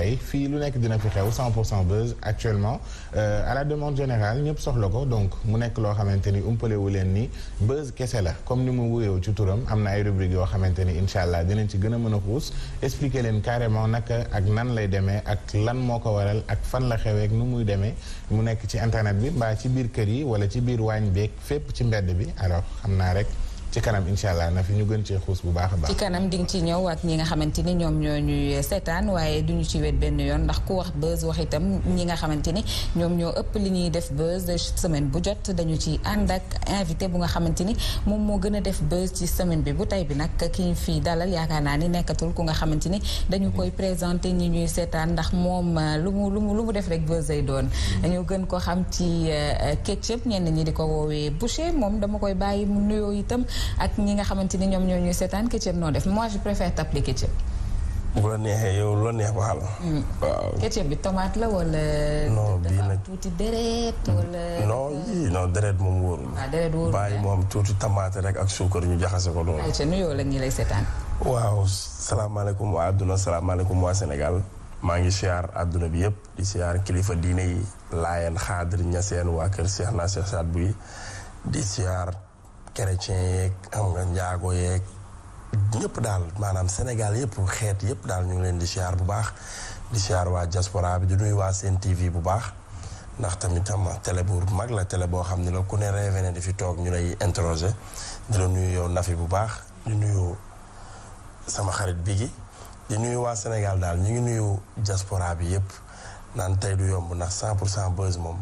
ay fii lu nekk dina fi xew 100 pour cent buzz actuellement euh, à la demande générale ñëpp soxla ko donc mu nekk loo xamante ni umpale wu leen ni buzz kese la comme ni mu wuyew ci turam am na ay rubrique yoo xamante ni incha allah dinañ ci gën a mën a xuus expliqué leen carrément naka ak nan lay demee ak lan moo ko waral ak fan la xeweek nu muy demee mu nekk ci internet bi mbaa ci biir kër yi wala ci biir waañ beeg fépp ci mbedd bi alors xam naa rek. ci kanam incha allah na fi ñu gën cee bu baax a baax. ci kanam di nga ci ñëw ak ñi nga xamante ñoom ñoo ñuy seetaan waaye duñu ci wet benn yoon ndax ku wax buzz wax itam ñi nga xamante ni ñoom ñoo ëpp li ñuy def buzz semaine bu jot dañu ci ànd ak invité bu nga xamante ni moom moo gën a def buzz ci semaine bi bu tey bi nag ki ñu fi dalal yaakaar naa ni nekkatul ku nga xamante ni dañu mm-hmm. koy présenté ñi ñuy seetaan ndax moom uh, lu mu lu mu lu mu def rek buzz lay doon. Mm-hmm. dañoo gën ko xam ci uh, ketchup ñenn ñi di ko woowee boucher moom dama koy bàyyi mu nuyoo ak ñi nga xamante ni ñoom ñoo ñuy seetaan ketchup noo def moi je préfère t'appeler ketchup. bu la neexee yow la neex waxal. Hmm. waaw ketchup bi tomate la wala. non bii nag tuuti deret wala. Hmm. non yii non deret moom wóorul. Ah, ah moom tuuti tomate rek ak suukar ñu jaxase ko loolu. ayca nuyoo la lay seetaan. waaw salaamaaleykum waa adduna salaamaaleykum waa Sénégal maa ngi siyaar àdduna bi yëpp di siyaar kilifa diine yi laayeen xaadir ñaseen waa kër Cheikh naa Cheikh Saad Buy di chrétien yeeg xam nga njaago yeeg ñëpp daal maanaam Sénégal yëpp xeet yëpp daal ñu ngi leen di siyaar bu baax di siyaar waa diaspora bi di nuyu waa seen TV bu baax ndax tamit xam nga télé bu mag la télé boo xam ne la ku ne rêvé ne di fi toog ñu lay interroger di la nuyu yow Nafi bu baax di nuyu sama xarit bi gi di nuyu waa Sénégal daal ñu ngi nuyu diaspora bi yëpp naan tey du yomb ndax 100 pour cent buzz moom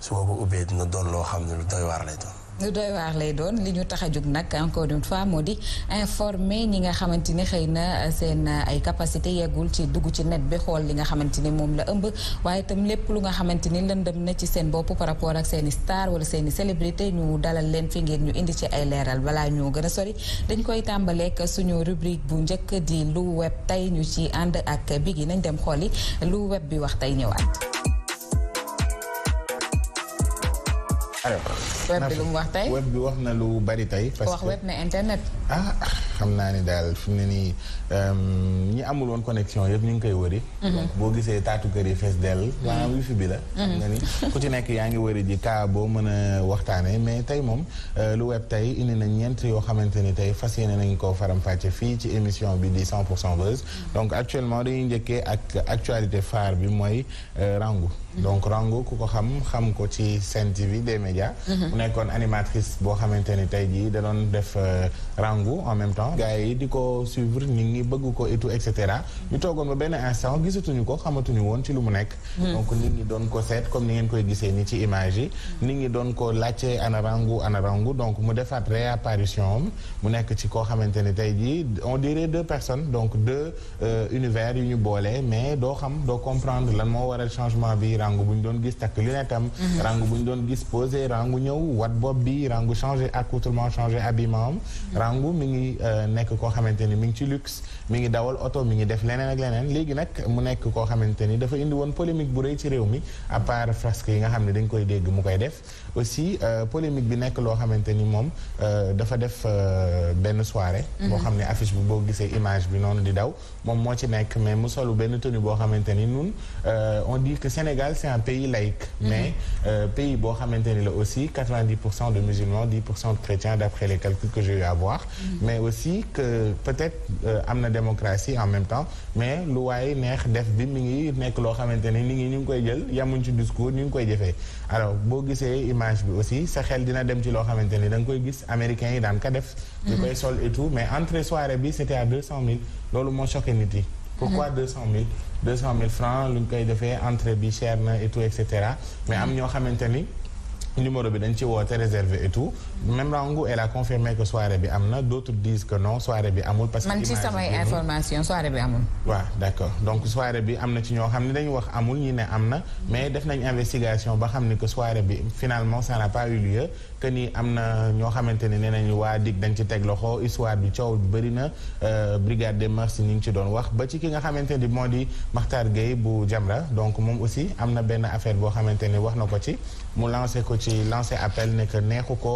su ma ko ubbee dina doon loo xam ne lu doy waar lay doon. lu doy waar lay doon li ñu tax a jóg nag encore une fois moo di informer ñi nga xamante ni xëy na seen euh, ay capacité yeggul ci dugg ci net bi xool li nga xamante ni moom la ëmb waaye tam lépp lu nga xamante ni lëndëm na ci seen bopp par rapport ak seeni i star wala seeni i célébrité ñu dalal leen fi ngeen ñu indi ci ay leeral balaa ñoo gën a sori dañ koy tàmbaleek suñu rubrique bu njëkk di lu web tey ñu ci ànd ak bigi nañ dem xool yi lu web bi wax tey ñëwaat alors web bi lu mu wax tey web bi wax na lu bari tey. parce que wax web ne internet. ah, ah. xam naa ni daal fi mu ne nii euh, ñi amul woon connexion yëpp ñu ngi koy wëri mhm. boo gisee taatu kër yi fees dell maanaam mhm. wifi bi la mhm. xam ni ku ci nekk yaa ngi wëri ji kaa boo mën a mais tey moom euh, lu web tey indi nañ ñeent yoo xamante ni tey fas yéene nañ ko faram-fàcce fii ci émission bi di 100 pour cent buzz donc actuellement dañuy njëkkee ak actualité phare bi mooy euh, rangu donc rangu ku ko xam xam ko ci Sen bi des médias mu nekkoon animatrice boo xamante ni tey jii da doon rangu en même temps gars yi di ko suivre nit ñi bëgg ko et tout et cetera. ñu toogoon ba benn instant gisatuñu ko xamatuñu woon ci lu mu nekk. Hmm. donc nit ñi doon ko seet comme ni ngeen koy gisee ni ci image yi. Hmm. nit ñi doon ko laajte anarangu anarangu donc mu defaat réapparition am mu nekk ci koo xamante ne tey jii on dirait deux personnes donc deux euh, univers yu ñu boole mais doo xam doo comprendre lan moo waral changement bi rangu bu ñu doon gis takk li am. Hmm. rangu bu ñu doon gis posé rangu ñëw wat bopp bi rangu changé accoutrement changé habillement am rangu nekk koo xamante ni mi ngi ci luxe mi ngi dawal oto mi ngi def leneen ak leneen léegi nag mu nekk koo xamante ni dafa indiwoon woon bu rëy ci réew mi à part yi nga xam ne dañ koy dégg mu koy def aussi euh, polémique bi nekk loo xamante ni moom euh, dafa def euh, benn soirée. Mhm. boo xam ne affiche bi boo gisee image bi noonu di daw moom moo ci nekk mais mu solu benn tenue boo xamante ni nun on di que Sénégal c'est un pays laïque. Mhm. mais pays boo xamante ni la aussi 90 pour cent de musulmans pour cent de chrétiens d'après les calculs que j'ai eu à voir. Mhm. mais aussi que peut-être am na démocratie en même temps mais lu waaye neex def bi mi ngi nekk loo xamante ni nit ñi ñu ngi koy jël yamuñ ci discours ñu ngi koy jëfee alors boo gisee image bi aussi sa xel dina dem ci loo xamante ni da nga koy gis américains yi daan ka def. Mhm. ñu koy sol et tout mais entrée soirée bi c'était à deux cent mille loolu moo choqué nit yi. pourquoi mhm. deux cent mille francs lu ñu koy defee entrée bi cher na et tout et cetera mais am ñoo xamante ni. numéro bi dañ ci woote réservé et tout même la elle a confirmé que soirée bi am na d' autres disent que non soirée bi amul. parce que man ci samay information soirée bi amul. waaw d' accord donc soirée bi am na ci ñoo xam ne dañu wax amul ñi ne am na mais def nañ investigation ba xam ni que soirée bi finalement ça n' a pas eu lieu. que ni am na ñoo xamante ne nee nañu waa dig dañ ci teg loxo histoire bi coow bëri na euh, brigade des mœurs ñu ngi ci doon wax ba ci ki nga xamante ni moo di Makhtar Gueye bu Jamra donc moom aussi am na benn affaire boo xamante ni wax na ko ci mu lancé ko ci lancé appel ne neexu ko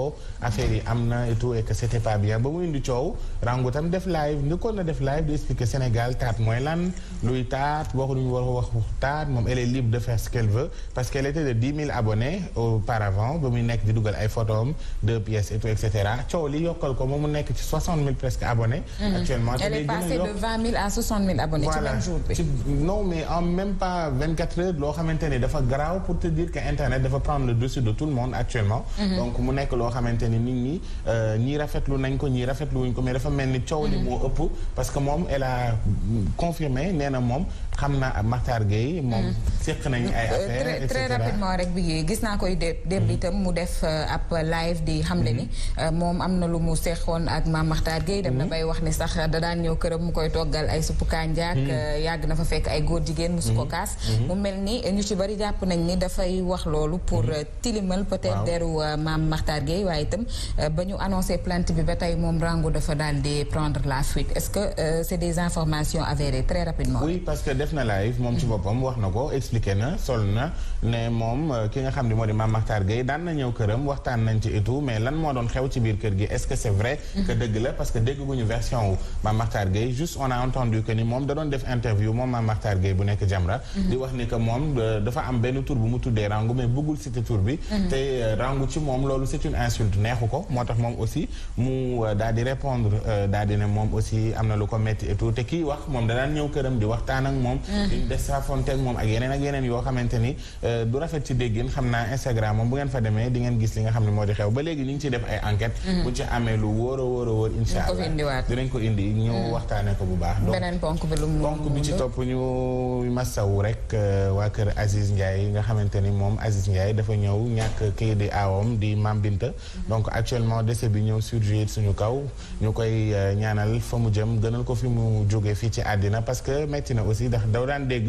affaire yi am na et tout et pas bien ba muy indi coow rangu tam def live njëkkoon na def live di expliquer Sénégal taat mooy lan luy taat waxuñu war wax taat moom elle est libre de de 10 000 abonnés doom deux pièces et tout coow li yokkal ko moom mu nekk ci soixante mille presque abonnés. Mhm. actuellement te gën a yokk ci même mais en même pas vingt quatre heures loo xamante ne dafa garaaw pour te dire que internet dafa prendre le dessus de tout le monde actuellement. Mhm. donc mu nekk loo xamante nit ñi euh, ñii rafetlu nañ ko ñii rafetlu wuñ ko mais dafa mel ni coow li mhm. moo ëpp parce que moom elle a confirmé moom. xam naa ab Makhtar Gueye moom mm. séq nañu ay euh, affaire et très rapidement rek bi gis naa koy démb mm. itam mu def euh, ab live di xamle ni mm-hmm. euh, moom am na lu mu seexoon ak maam Makhtar Gueye dem na mm-hmm. bay wax ni sax da daan ñëw këram mu koy toggal ay suppu kànja ak mm-hmm. yàgg na fa fekk ay góor jigéen mu su ko kaas mu mel ni ñu ci bari jàpp nañ ni dafay wax loolu pour tilimal peut-être deru maam Makhtar Gueye waaye itam ba ñu annoncé plant bi ba tey moom rango dafa daal di prendre la fuite est-ce que c'est des informations avérées très rapidement def na live moom ci boppam wax na ko expliqué na sol na ne moom euh, ki nga xam ne moo di Mame Makhtar daan na ñëw këram waxtaan nañ ci et mais lan moo doon xew ci biir kër gi est-ce que c'est vrai que mhm. dëgg la parce que dégguñu version wu Mame Makhtar Gueye on a entendu que ni moom da doon def interview moom Mame Makhtar bu nekk Jamra mhm. di wax ni euh, mhm. euh, ko moom aussi di répondre daal di ne moom aussi am na lu ko metti et te kii wax moom da daan ñëw moom di mm-hmm. des saafonteeg moom ak yeneen ak yeneen yoo xamante ni euh, du rafet ci déggin xam naa Instagram moom bu ngeen fa demee di ngeen gis li nga xam ne moo di xew ba a mm-hmm. a wóor insha allah dinañ ko indi ñu mm-hmm. waxtaane ko bu baax beneen bi lu mu ponk bi ci topp ñu massawu rek euh, waa kër Aziz Ndiaye nga xamante ni moom Aziz Ndiaye dafa ñëw ñàkk kii di di Mam donc actuellement décès bi ñëw surgir suñu kaw ñu koy euh, ñaanal fa mu jëm gënal ko fi mu jóge fii ci àddina parce que metti na aussi daw daan dégg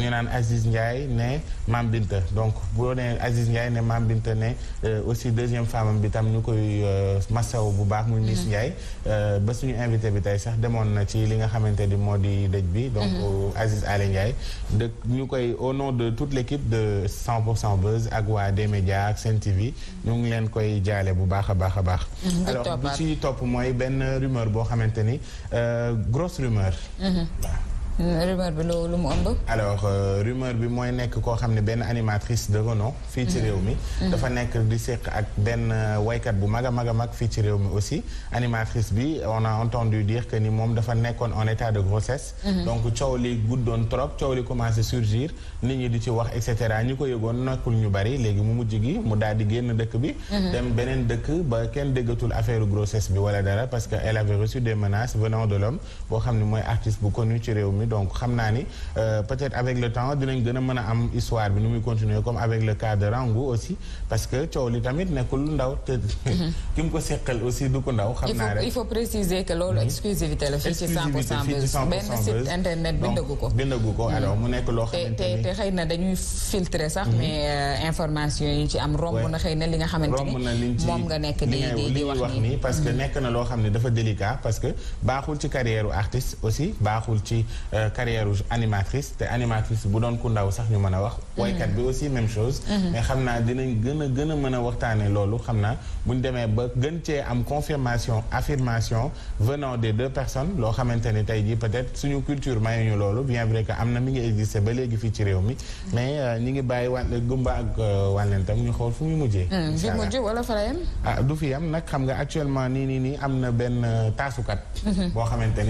ñu naan Aziz Ndiaye ne Mam Binta donc boo nee Aziz Ndiaye ne maam Binta ne euh, aussi deuxième femme bi tam ñu koy euh, massaw bu baax muy Miss mm-hmm. Ndiaye euh, ba suñu invité bi tey sax demoon na ci li nga xamante ni moo di dëj bi donc mm-hmm. Aziz Aly Ndiaye de ñu koy au nom de toute l'équipe de 100 pour 100 ak waa D-Média ak Sen TV ñu ngi leen koy jaale bu baax a baax a baax mm-hmm. alors bi ci topp mooy benn rumeur boo xamante ni grosse rumeur waaw Euh, rumeur bi loolu mu ëmb. alors euh, rumeur bi mooy nekk koo xam ne benn animatrice de renom. fii ci réew mi. Mm-hmm. Mm-hmm. dafa nekk di seq ak benn euh, waykat bu mag a mag a mag fii ci réew mi aussi animatrice bi on a entendu dire que ni moom dafa nekkoon en état de grossesse. Mm-hmm. donc coow li guddoon trop coow li commencé surgir nit ñi di ci wax et cetera ñi ko yegoon nekkul ñu bari léegi mu mujj gi mu daal di génn dëkk bi. dem beneen dëkk ba kenn déggatul affaire grossesse bi wala dara parce que elle avait reçu des menaces venant xam ne mooy artiste bu connu réew mi. donc xam naa ni euh, peut-être avec le temps dinañ gën mën a am histoire bi nu muy continuer comme avec le cas de Rangou aussi parce que coow li tamit nekkul lu ndaw mhm. ki mu ko seqal aussi du ko ndaw xam naa rek il faut préciser que loolu exclusivité la fii ci 100 pour cent benn site internet bindagu ko bindagu ko mhm. alors mu nekk loo xamante ni te xëy na dañuy filtrer sax mhm. mais euh, information yi ci am romb na xëy na li nga xamante ni moom nga nekk di di wax nii parce que nekk na loo xam ne dafa délicat parce que baaxul ci carrière artiste aussi baaxul ci Euh, carrière animatrice te animatrice bu doon ku ndaw sax ñu mën a wax. Mhm. woykat bi aussi même chose. Mhm. mais xam naa dinañ gën a gën a mën a waxtaanee loolu xam naa bu ñu demee ba gën cee am confirmation affirmation venant des deux personnes loo xamante ni tey jii peut-être suñu culture mayuñu loolu bien vrai que am na mi ngi existé ba léegi fii ci réew mi. Mhm. mais euh, ñi ngi bàyyi wàll gumba ak euh, wàllentam ñu xool fu muy mujjee. Hmm, incha mujj wala fa ah, du fi yem nag xam nga actuellement nii nii nii am na benn taasukat. boo xamante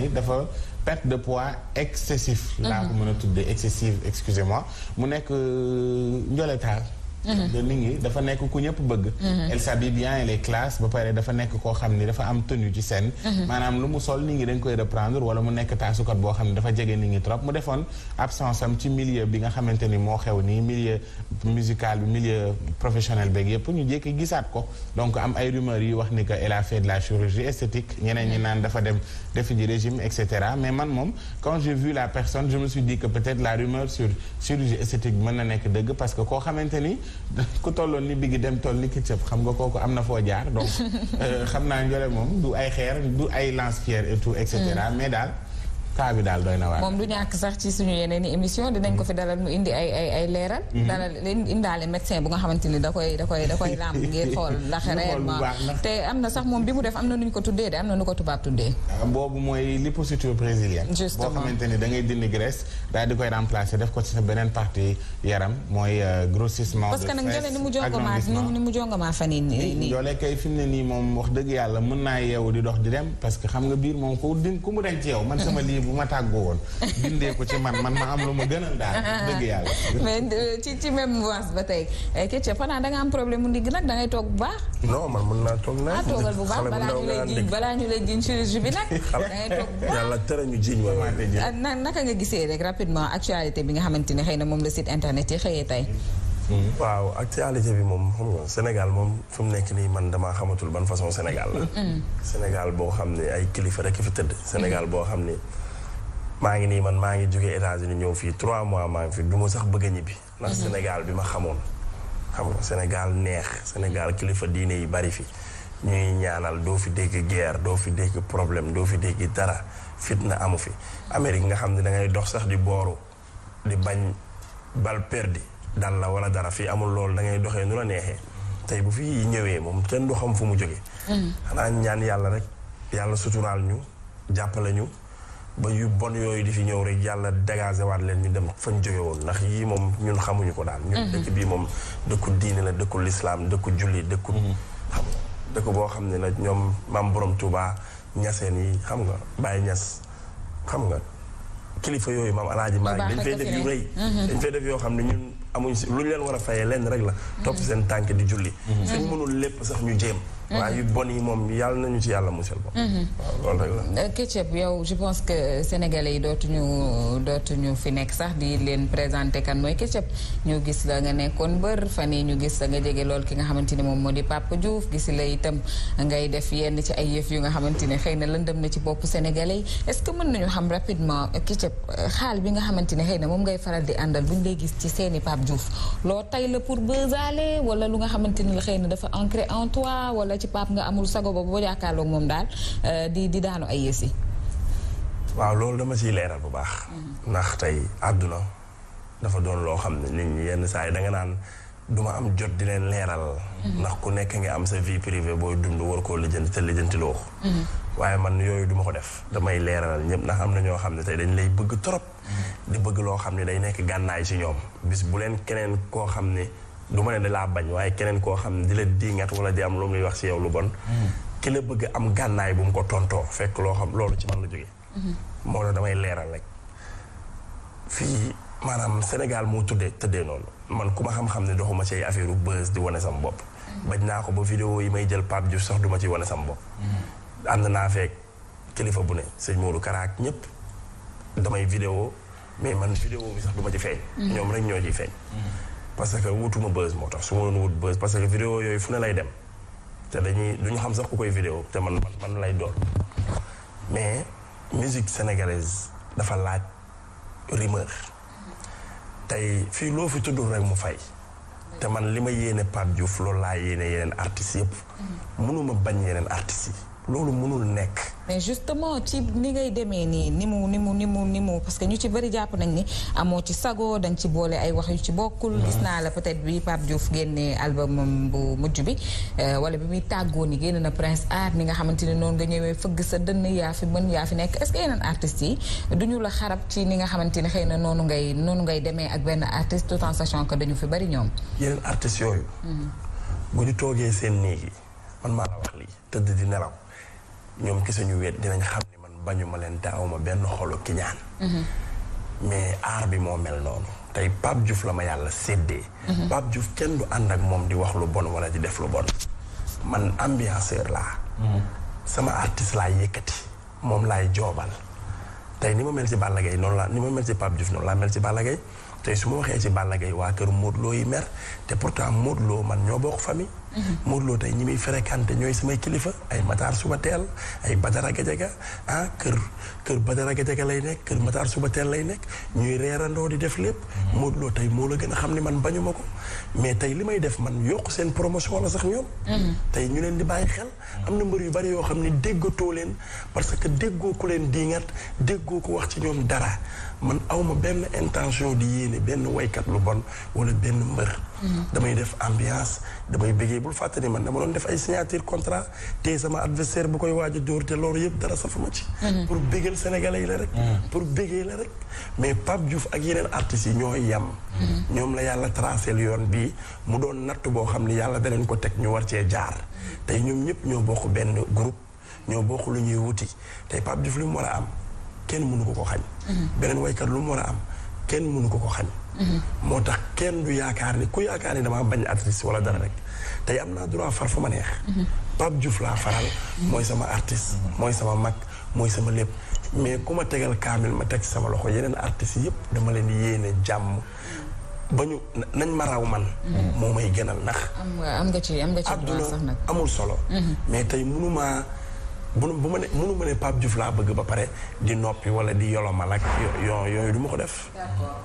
perte de poids excessif laa mhm. ko mën a tuddee excessive excusez-moi mu nekk euh, njoletaal Mm-hmm. de nit ñi dafa nekk ku ñëpp bëgg. Mm-hmm. elle s'habille bien elle est classe ba pare dafa nekk koo xam ni dafa am tenue ci scène. Mm-hmm. maanaam lu mu sol nit ñi dañ koy reprendre wala mu nekk taasukat boo xam ne dafa jege nit ñi trop mu defoon absence am ci milieu bi nga xamante ni moo xew nii milieu musical bi milieu professionnel beeg yëpp ñu jékki gisaat ko donc am ay rumeurs yi wax ni que elle a fait la chirurgie esthétique ñeneen ñi naan dafa dem defi régime et mais man moom quand j'ai vu la personne je me suis na nekk dëgg parce que koo xamante ni. ku tolloon ni gi dem toll ni Ketchup xam nga kooku am na foo jaar donc euh, xam naa njore moom du ay xeer du ay lance-pierre et tout et cetera mm. mais daal kaa bi daal i émission dinañ ko fi dalal da mhm. da da koy ràmb ngir xool ndax réellement te am na sax moom bi mu def am na nu ñu ko tuddee de am na nu ko tubaab tuddee. Ah, boobu mooy liposuture brésilienne. boo xamante ni da dindi graisse daal di koy remplacer def ko ci sa beneen partie yaram mooy euh, grossissement. de parce que nag njële kay fi ne nii moom wax dëgg yàlla mën naa yeewu di dox di dem parce que xam nga biir moom ku din ku mu denc man sama lii bu ma tàggoo woon bindee ko ci man man ma am lu ma gënal daal dëgg yàlla mais euh, ci ci même voice ba tey eh, Ketchup xanaa da am problème mu ndigg nag da ngay toog bu baax non man mën naa toog na ah toogal bu baax balaa ñu lay jiñ balaa ñu lay jiñ chirurgie bi nag da ah, na naka nga gisee rek rapidement actualité bi nga xamante ne xëy na moom la site internet yi xëyee tey waaw actualité bi moom xam Sénégal moom fu nekk nii man damaa xamatul ban façon Sénégal la. Mm. Sénégal boo xam ne ay kilifa maa ngi nii man maa ngi jóge États-Unis ñëw fii trois mois maa ngi fi du sax bëgg a ñibbi. ndax mhm. Sénégal bi ma xamoon. xam Sénégal neex Sénégal kilifa diine yi bari fi ñuy ñaanal doo fi dégg guerre doo fi dégg problème doo fi dégg dara fitna amu fi. Amérique nga xam ne dangay dox sax di booru di bañ bal perdi dal la wala dara fii amul loolu da ngay doxee nu la neexee tey bu fi ñëwee moom kenn du xam fu mu jóge mhm. xanaa ñaan yàlla rek yàlla suturaal ñu jàppale ba yu bon yooyu di fi ñëw rek yàlla dégagé waat leen ñu dem fañ jóge woon ndax yii moom ñun xamuñu ko daal ñun mhm. dëkk bii moom dëkku diine la dëkku lislaam dëkku julli dëkku mhm. xam dëkk boo xam ne nag ñoom maam boroom Touba ñaseen yi xam nga Baye Ñas xam nga kilifa yooyu maam alaaji maa dañ fay def yu rëy mhm. dañ fay def yoo xam ne ñun amuñ si lu leen war a fayee lenn rek la topp seen tànk di julli mhm. suñ mënul lépp sax ñu jéem mhm. waaye yu bon yi moom yàlla nañu ci yàlla musal ko mhm. waaw loolu euh, yow je pense que sénégalais yi dootuñu dootuñu fi nekk sax di leen présenté kan mooy Ketchup ñu gis la nga nekkoon mbër fan yi ñu gis la nga jege lool ki nga xamante ni moom moo di Papa Diouf gis la itam ngay def yenn ci ay yëf yu nga xamante ni xëy na lëndëm na ci bopp sénégalais yi est-ce que mën nañu xam rapidement Ketchup euh, xaal bi nga xamante ni xëy na moom ngay faral di àndal buñ lay gis ci seeni pap Pape loo tay la pour bësaale wala lu nga xamante ni la xëy na dafa ancré en toi wala ci Pape nga amul sago ba boo jàkkaarloog moom daal euh, di di daanu ay yées waaw loolu dama ciy leeral bu baax mm-hmm. ndax tey àdduna dafa doon loo xam ne nit ñi yenn saa yi danga naan duma am jot di leen leeral mm-hmm. ndax ku nekk ngi am sa vie privée booy dund war koo lijjanti te lijjantiloo ko mm-hmm. waaye man yooyu duma ko def damay leeralal ñëpp ndax am na ñoo xam ne tey dañ lay bëgg trop di bëgg loo xam ne day nekk gànnaay ci ñoom bis bu leen keneen koo xam ne du ma ne laa bañ waaye keneen koo xam ne di la diingat wala di am lu muy wax ci yow lu bon ki la bëgg am gànnaay bu mu ko tontoo fekk loo xam loolu ci man la jógee moo tax damay leeral rek fii maanaam Sénégal moo tuddee tëddee noonu man ku ma xam-xam ne doxuma ci ay affaire u buzz di wane sama bopp bañ naa ko ba vidéo yi may jël Pape Diouf sax duma ma ci wane sama bopp ànd naa feek kilifa bu ne sëñ Modou Karaak ñëpp damay vidéo mais man vidéo bi sax du ma ci feeñ. Mm-hmm. ñoom rek ñoo ciy feeñ. Mm-hmm. parce que wutuma buzz moo tax su ma doon wut buzz parce que vidéo yooyu fu ne lay dem te dañuy du ñu xam sax ku koy vidéo te man man lay doon mais musique sénégalaise dafa laaj rumeur tey fii loo fi tuddul rek mu fay. te man li ma yéene Pape Diouf loolu laa yéene yeneen artistes yëpp. Mm-hmm. mënuma bañ yeneen artistes yi. loolu mënul nekk. mais justement ci ni ngay demee nii ni mu ni mu ni mu ni mu parce que ñu ci bëri jàpp nañ ni amoo ci sago dañ ci boole ay wax yu ci bokkul. Mm-hmm. gis naa la peut-être bi Pape Diouf génnee album bu mujj bi euh, wala bi muy tàggoo ni génn na Prince Art ni nga xamante ne noonu nga ñëwee fëgg sa dënn yaa fi mën yaa fi nekk est-ce que yeneen artistes yi du la xarab ci ni nga xamante ne xëy na noonu ngay noonu ngay demee ak benn artiste tout en sachant dañu fi bëri ñoom. yeneen artistes yooyu. Mm-hmm. bu ñu toogee seen néeg yi man maa la wax ñoom ki sañu weet dinañ xam ni man bañu ma leen te awma benn xolu ki mhm. mais aar bi moo mel noonu tey Pape Diouf la ma yàlla séddee mhm. Pape Diouf kenn du ànd ak moom di wax lu bon wala di def lu bon man ambianceur laa mhm. sama artiste laay yëkkati moom laay joobal tey ni ma mel ci Balla Gaye noonu ni ma mel ci Pape Diouf noonu laa mel ci Balla Gaye tey su ma waxee ci Balla Gaye waa kër Modou Lo yi mer te pourtant Modou Lo man ñoo bokk famille Modou Lo tey ñi muy fréquenté ñooy samay kilifa ay Matar suba teel ay Badara Gajaga ah kër kër Badara Gajaga lay nekk kër Matar suba teel lay nekk ñuy reerandoo di def lépp Modou tey moo la gën a xam ne man bañu ma ko mais tey li may def man yokk seen promotion la sax ñoom tey ñu leen di bàyyi xel am na mbër yu bari yoo xam ne déggatoo leen parce que déggoo ku leen diingat déggoo ko wax ci ñoom dara man awma benn intention di benn waykat lu bon wala benn mbër damay def ambiance damay bëggee bul fàttali man dama doon def ay signature contrat te sama adversaire bu koy waaj a dóor te loolu yëpp dara safuma ci. Mhm. pour bëggal sénégalais yi la rek. Mhm. pour bëggee la rek mais Pape jouf ak yeneen artistes yi ñoo yem. Mhm. ñoom la yàlla tracé yoon bii mu doon natt boo xam ne yàlla da ko teg ñu war cee jaar tey ñoom ñëpp ñoo bokk benn group ñoo bokk lu ñuy wuti tey Pape Diouf li mu war a am kenn mënu ko ko xañ. beneen waykat lu mu war a am kenn mënu ko ko xañ. moo tax kenn du yaakaar ni ku yaakaar ni damaa bañ artiste wala dara rek tey am naa droit far fu ma neex. Pape Diouf laa faral mooy sama artiste. mooy sama mag mooy sama lépp mais ku ma tegal kaamil ma teg sama loxo yeneen artistes yëpp dama leen yéene jàmm. ba ñu nañ ma raw man. Mm-hmm. moo may gënal ndax. am nga ci am nga ci amul solo. Mm-hmm. mais tey mënumaa. bu bu ma ne mënu ma ne Pape Diouf laa bëgg ba pare di noppi wala di yolomal ak yo yooyu duma ko def. d'accord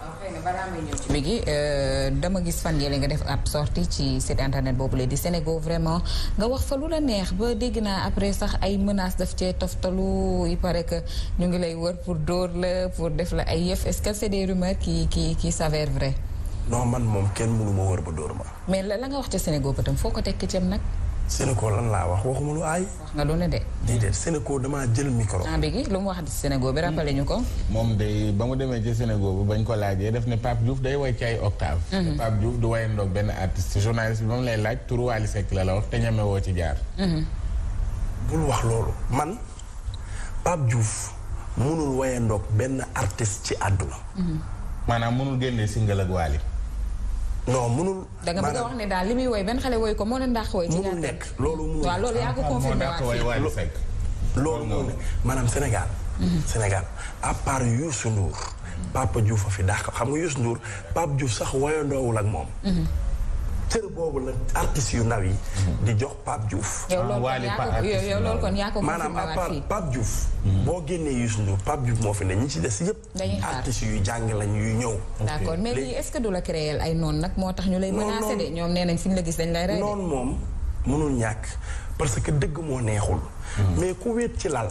après euh, dama gis fan yële nga def ab sortie ci site internet boobu la di Sénégal vraiment nga wax fa lu la neex ba dégg naa après sax ay menaces daf cee toftalu il paraît que ñu ngi lay wër pour dóor la pour def la ay yëf est-ce que c'est des rumeurs qui qui qui s'avèrent vraies. man moom kenn mënu ma wër ba dóor ma. mais la nga wax ca Sénégal ba tam foo ko tekki ceeb nag. Sénégal lan laa wax waxuma lu aay. wax nga ne de. déedéet Sénégal damaa jël micro. ah léegi lu mu wax Sénégal bi rappelé ñu ko. moom day ba mu demee ci Sénégal bi bañ ko laajee def ne Pape Diouf day way ci ay octave. Mhm. te juuf Diouf du wayandoog benn artiste journaliste bi ba mu lay laaj turu Wally Seck la la wax te ñeme woo ci jaar. Mhm. bul wax loolu man Pape Diouf mënul wayandoog benn artiste ci àdduna. Mhm. maanaam mënul génnee single ak Wally non mënul. da nga bëgg a wax ne daal li muy woy benn xale woy ko moo leen dàq woy. ci gàttal mënul nekk loolu mënul. waaw loolu ah, yaa ko confirmé waat loolu mënul nekk maanaam Sénégal. Mhm. Sénégal à part Youssou Ndour. Papa Diouf a fi dàq xam nga Youssou Ndour Pape Diouf sax woyandoowul ak moom. Mhm. cër boobu la artistes yu ndaw yi. di jox Pape Diouf. yow loolu kon yaa ko maanaam à part Pape hmm. boo génnee Youssou Ndour Pape Diouf moo fi ne ñi ci des yëpp. dañuy xaar artistes yu jàng lañ yu ñëw. d'accord mais lii est-ce que du la créer ay noon nag moo tax ñu lay. menacé de ñoom nee nañ fi ñu la gis dañ lay rey noon moom mënul ñàkk parce que dëgg moo neexul. Hmm. mais ku wéet ci lal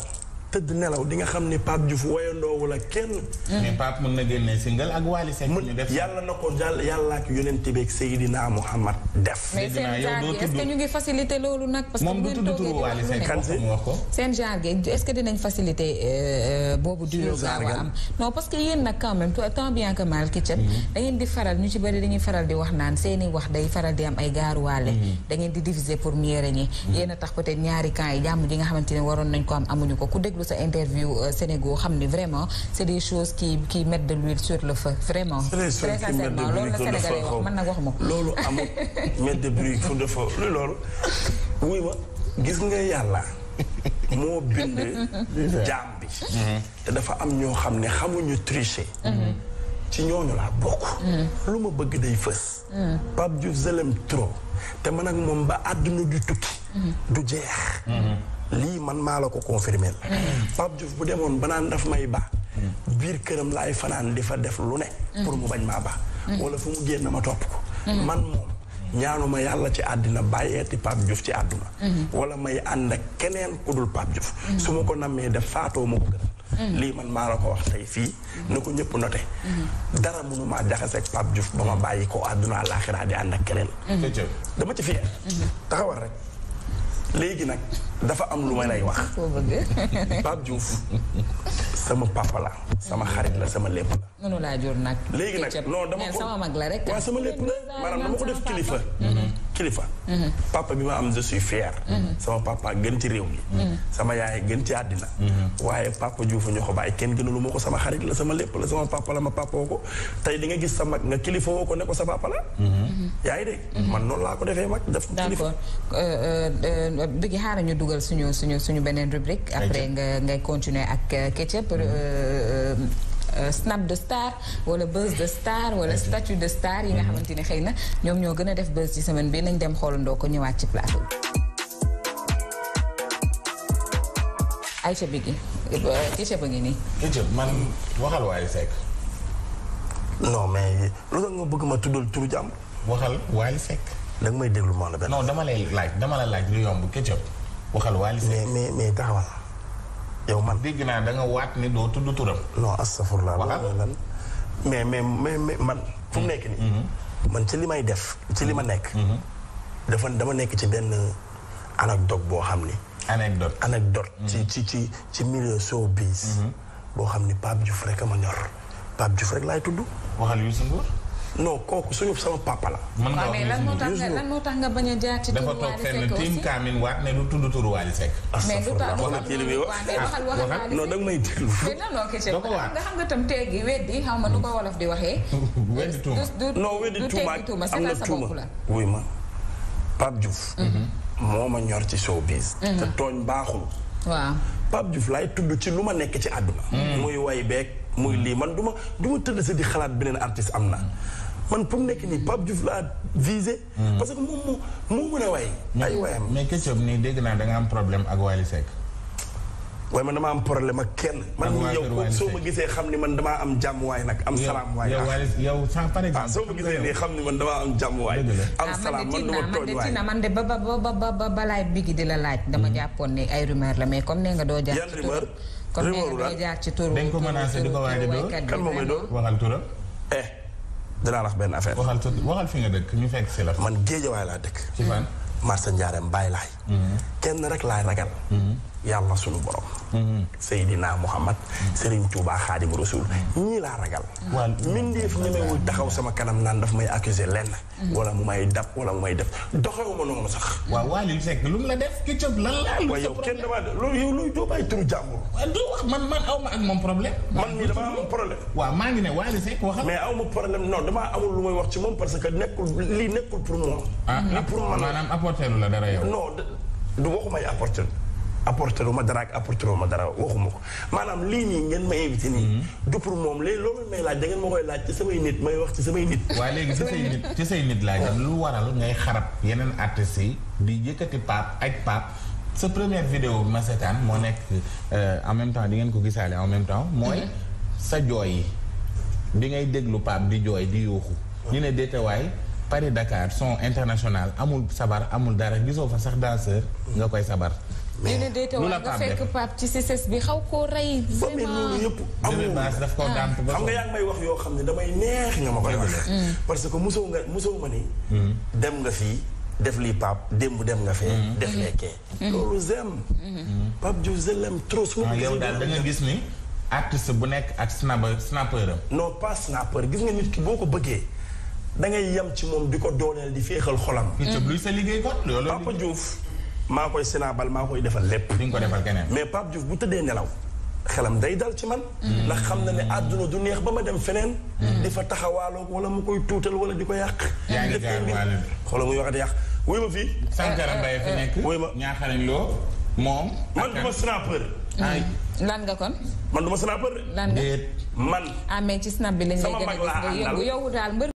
tëdd nelaw di nga xam ni Pape Diouf woyandoowul ak kenn. mais Pape na génne single ak Wally Seck ñu def yàlla na ko jàll yàlla ak yonent bi ak Seydina Muhammad def. mais seen genre seen genre gi est dinañ faciliter euh, euh, boobu. duo gaaw a am non parce que yéen nag quand même tant que mal kitchen. Mm-hmm. da ngeen di faral ñu ci bëri dañuy faral di wax naan seeni wax day faral di am ay gaaruwaale. Mm-hmm. da di diviser pour mieux régner. Mm-hmm. yéen a tax peut-être ñaari camps yi jàmm ji nga déglu sa interview euh, Sénégal xam ni vraiment c' est des choses qui qui de l'huile sur le feu vraiment. très sincèrement loolu la Sénégalais man nag waxuma ko. loolu amul mettre de l'huile sur le feu loolu. wuy ma gis nga yàlla moo bind jaam bi. te dafa am ñoo xam ne xamuñu tricher. ci ñooñu laa bokk. lu ma bëgg day fës. Mm. Pape Diouf je trop te man ak moom ba àdduna du tukki. du jeex. lii man maa la ko confirmé la. Pape Diouf bu demoon banaan daf may ba. biir këram laay fanaan di fa def lu ne. pour mu bañ maa ba. wala fu mu génn ma topp ko. man moom ma yàlla ci àddina bàyyeeti Pape Diouf ci àdduna. wala may ànd ak keneen ku dul Pape Diouf. su ma ko nammee def faatoo ma ko gën. lii man maa la ko wax tey fii. na ko ñëpp noté. dara mënu maa jaxaseeg Pape Diouf ba ma bàyyi ko àdduna àllaaxiraa di ànd ak keneen. dama ci fier taxawal léegi nag dafa am lu ma lay wax. Pape Diouf sama papala sama xarit la sama lépp la. mënu laa jur nag. léegi nag non dama ko sama mag la rek. waaw sama lépp la maanaam dama ko def kilifa. kilifa. Mhm. papa bi ma am je suis fier. Mhm. sama papa gën ci réew mi. Mhm. sama yaay gën ci àddina. waaye papa Diouf ñu ko bàyyi kenn gënulu ma ko sama xarit la sama lépp la sama papa la ma papa woo ko tey di nga gis sa mag nga kilifa woo ko ne ko sa papa la. yaa ngi man noonu laa ko defee mag def kilifa. d'accord euh, euh, euh, Biggi xaaral ñu dugal suñu suñu suñu beneen rubrique. après nga ngay continuer ak Ketchup. Euh, snap de star wala buzz de star wala statut de star yi nga mhm. xamante ne xëy na ñoom ñoo gën a def buzz ci semaine bi nañ dem xoolandoo ko ñëwaat ci plateau Aïcha bi gi Ketchup euh, a ngi nii. Ketchup man waxal Wally Seck. non mais lu tax nga bëgg ma tuddal da may déglu ma la benn. non dama lay laaj dama la laaj lu yomb Ketchup waxal Wally Seck. mais mais mais yow man dégg naa da nga waat ni doo tudd turam. non astafurlah. waxal lan mais mais mais man. fu mu nekk nii. Mm-hmm. man ci li may def ci li ma mm-hmm. nekk. Mm-hmm. dafa dama nekk ci benn anecdote boo xam ni. anecdote anecdote ci ci ci ci milieu showbiz. boo xam ni Pape Diouf rek a ma ñor Pape Diouf rek laay tudd. non kooku suñu sama papa la. mën nga moo tax bañ a jaar ci turu Wally Seck dafa toog fenn tiim Kaamin waat ne lu tudd turu da may déglu. nga xam nga tam tey gi weddi xaw ma nu ko wolof di waxee. weddi tuuma non weddi tuuma am na tuuma wuy ma Pape Diouf. Mhm. moo ma ñor ci showbiz. Mhm. te tooñ baaxul. waaw Pape Diouf laay tudd ci lu ma nekk ci àdduna. Mhm. muy way beeg muy lii man duma ma du ma tëdd si di xalaat beneen artiste am na. man pour mu nekk nii Pape Diouf laa visé. Hmm. parce que moom moo mën a way. ay wayam mais Ketchup nii dégg naa da nga am problème ak Wally Seck. waaye man dama am ak kenn. man yow ku gisee xam ni man damaa am jàmm waay nag am salaam waay. yow sans par ah, exemple. soo ma gisee nii xam ni man damaa am jàmm waay. am ah, salaam man dama tooñ waay man de ba ba ba balaay bigi di la laaj. dama hmm. jàppoon ne ay rumeur la mais comme nee nga doo jaar. yan rumeur rumeur la jaar ci turu. dañ ko menacé di ko waay de dóor kan moom mooy dóor waxal turam eh. dinaa wax benn affaire. waxal waxal fi nga dëkk ñu fekk si la. man géejawaay laa dëkk. ci fan. marché Ndiarème Baye laay. Mm-hmm. kenn rek laay ragal. Mm-hmm. yàlla sunu borom. Mm-hmm. Seydina Muhammad. Mm-hmm. Serigne Touba Xaadimu Rasuul. Mm-hmm. ñii laa ragal. waaw mindeef ñemewul taxaw sama kanam naan daf may accuser lenn. wala mu may dab wala mu may def doxewu ma noonu sax. waaw waa li fekk lu mu la def këccëg lan la. lu yow kenn damaa loolu yow looy jóobaay turu wax man man aw ma ak moom problème. man mii damaa am problème. waaw maa ngi ne waa li fekk waxal. mais aw ma problème non damaa amul lu may wax ci moom parce que nekkul lii nekkul pour moom. ah pour man maanaam apporter lu la dara yow. non du waxumay apporter. apporter wu ma dara ak apporter wu ma dara waxuma ko maanaam lii nii ngeen ma invité nii. Mhm. du pour moom léegi loolu may laaj da ngeen ma koy laaj ci samay nit may wax ci samay nit. waaye léegi ci say nit ci say laaj lu waral ngay xarab yeneen artistes yi di yëkkati paap ak paap sa première vidéo bi ma seetaan moo nekk euh, en même temps di ngeen ko gisaale en même temps mooy mhm. sa jooy yi bi ngay déglu paap di jooy di yuuxu ñu ne déetewaay Paris Dakar son international amul sabar amul dara gisoo fa sax danseur nga koy sabar mais loolu la nga fekk Pape ci CCS bi xaw koo rey. vraiment loolu yëpp amul daf koo dàmp ah. xam nga yaa ngi may wax yoo xam ne damay neex nga ma koy wax. Mm. parce que musoo nga musoo ma ni. Mm. dem nga fii def lii pap démb dem nga fee. Mm. def lee kee. loolu zem. Pape Diouf zem trop su ma ah, yow daal da gis ni. artiste bu nekk ak snapper snapper am. non pas snapper gis nga nit ki boo ko bëggee. da ngay yem ci moom di ko dooleel di féexal xolam. luy sa liggéey loolu Pape Diouf. maa koy sénabal maa koy defal lépp. di nga ko defal keneen. mais Pape Diouf bu tëddee nelaw xelam day dal ci man. Mm. ndax xam na ne àdduna du neex ba ma dem feneen. Mm. di fa taxawaaloo wala mu koy tuutal wala di ko yàq. yaa ngi jaar waale muy wax yàq wuy fi fii. Sankara Mbaye fi nekk. wuy ma ñaaxalañ loo moom. man du ma snapper. Mm. lan nga kon. man du ma snapper. lan nga man. ah mais ci snap bi lañ lay gën a gis